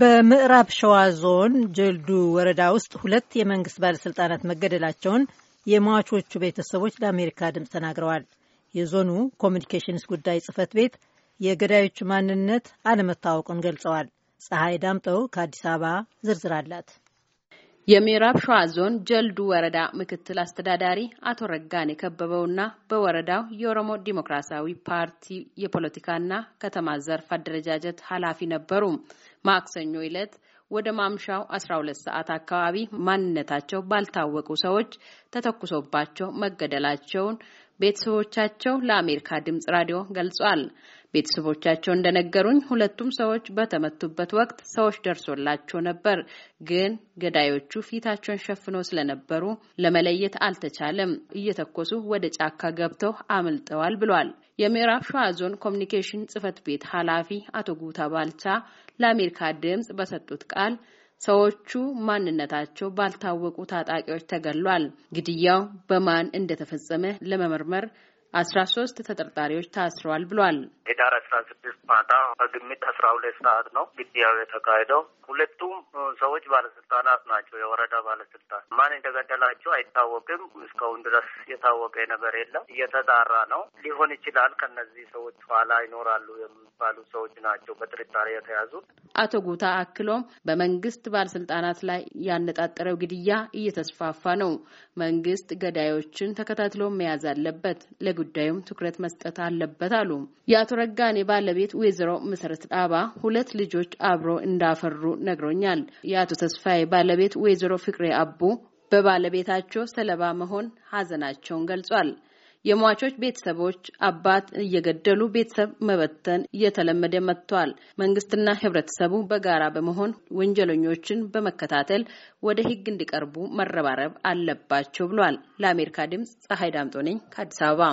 በምዕራብ ሸዋ ዞን ጀልዱ ወረዳ ውስጥ ሁለት የመንግስት ባለሥልጣናት መገደላቸውን የሟቾቹ ቤተሰቦች ለአሜሪካ ድምፅ ተናግረዋል። የዞኑ ኮሚኒኬሽንስ ጉዳይ ጽህፈት ቤት የገዳዮቹ ማንነት አለመታወቁን ገልጸዋል። ፀሐይ ዳምጠው ከአዲስ አበባ ዝርዝር አላት። የምዕራብ ሸዋ ዞን ጀልዱ ወረዳ ምክትል አስተዳዳሪ አቶ ረጋን የከበበውና በወረዳው የኦሮሞ ዲሞክራሲያዊ ፓርቲ የፖለቲካና ከተማ ዘርፍ አደረጃጀት ኃላፊ ነበሩ። ማክሰኞ ዕለት ወደ ማምሻው 12 ሰዓት አካባቢ ማንነታቸው ባልታወቁ ሰዎች ተተኩሶባቸው መገደላቸውን ቤተሰቦቻቸው ለአሜሪካ ድምጽ ራዲዮ ገልጿል። ቤተሰቦቻቸው እንደነገሩኝ ሁለቱም ሰዎች በተመቱበት ወቅት ሰዎች ደርሶላቸው ነበር፣ ግን ገዳዮቹ ፊታቸውን ሸፍነው ስለነበሩ ለመለየት አልተቻለም። እየተኮሱ ወደ ጫካ ገብተው አምልጠዋል ብሏል። የምዕራብ ሸዋ ዞን ኮሚኒኬሽን ጽህፈት ቤት ኃላፊ አቶ ጉታ ባልቻ ለአሜሪካ ድምጽ በሰጡት ቃል ሰዎቹ ማንነታቸው ባልታወቁ ታጣቂዎች ተገሏል። ግድያው በማን እንደተፈጸመ ለመመርመር አስራ ሶስት ተጠርጣሪዎች ታስረዋል ብሏል። ህዳር አስራ ስድስት ማታ በግምት አስራ ሁለት ሰዓት ነው ግድያው የተካሄደው። ሁለቱም ሰዎች ባለስልጣናት ናቸው፣ የወረዳ ባለስልጣን። ማን እንደገደላቸው አይታወቅም። እስካሁን ድረስ የታወቀ ነገር የለም። እየተጣራ ነው። ሊሆን ይችላል ከነዚህ ሰዎች ኋላ ይኖራሉ የሚባሉ ሰዎች ናቸው በጥርጣሬ የተያዙት። አቶ ጉታ አክሎም በመንግስት ባለስልጣናት ላይ ያነጣጠረው ግድያ እየተስፋፋ ነው። መንግስት ገዳዮችን ተከታትሎ መያዝ አለበት። ጉዳዩም ትኩረት መስጠት አለበት አሉ። የአቶ ረጋኔ ባለቤት ወይዘሮ መሰረት ዳባ ሁለት ልጆች አብሮ እንዳፈሩ ነግሮኛል። የአቶ ተስፋዬ ባለቤት ወይዘሮ ፍቅሬ አቡ በባለቤታቸው ሰለባ መሆን ሀዘናቸውን ገልጿል። የሟቾች ቤተሰቦች አባት እየገደሉ ቤተሰብ መበተን እየተለመደ መጥቷል። መንግስትና ህብረተሰቡ በጋራ በመሆን ወንጀለኞችን በመከታተል ወደ ህግ እንዲቀርቡ መረባረብ አለባቸው ብሏል። ለአሜሪካ ድምጽ ፀሐይ ዳምጦ ነኝ ከአዲስ አበባ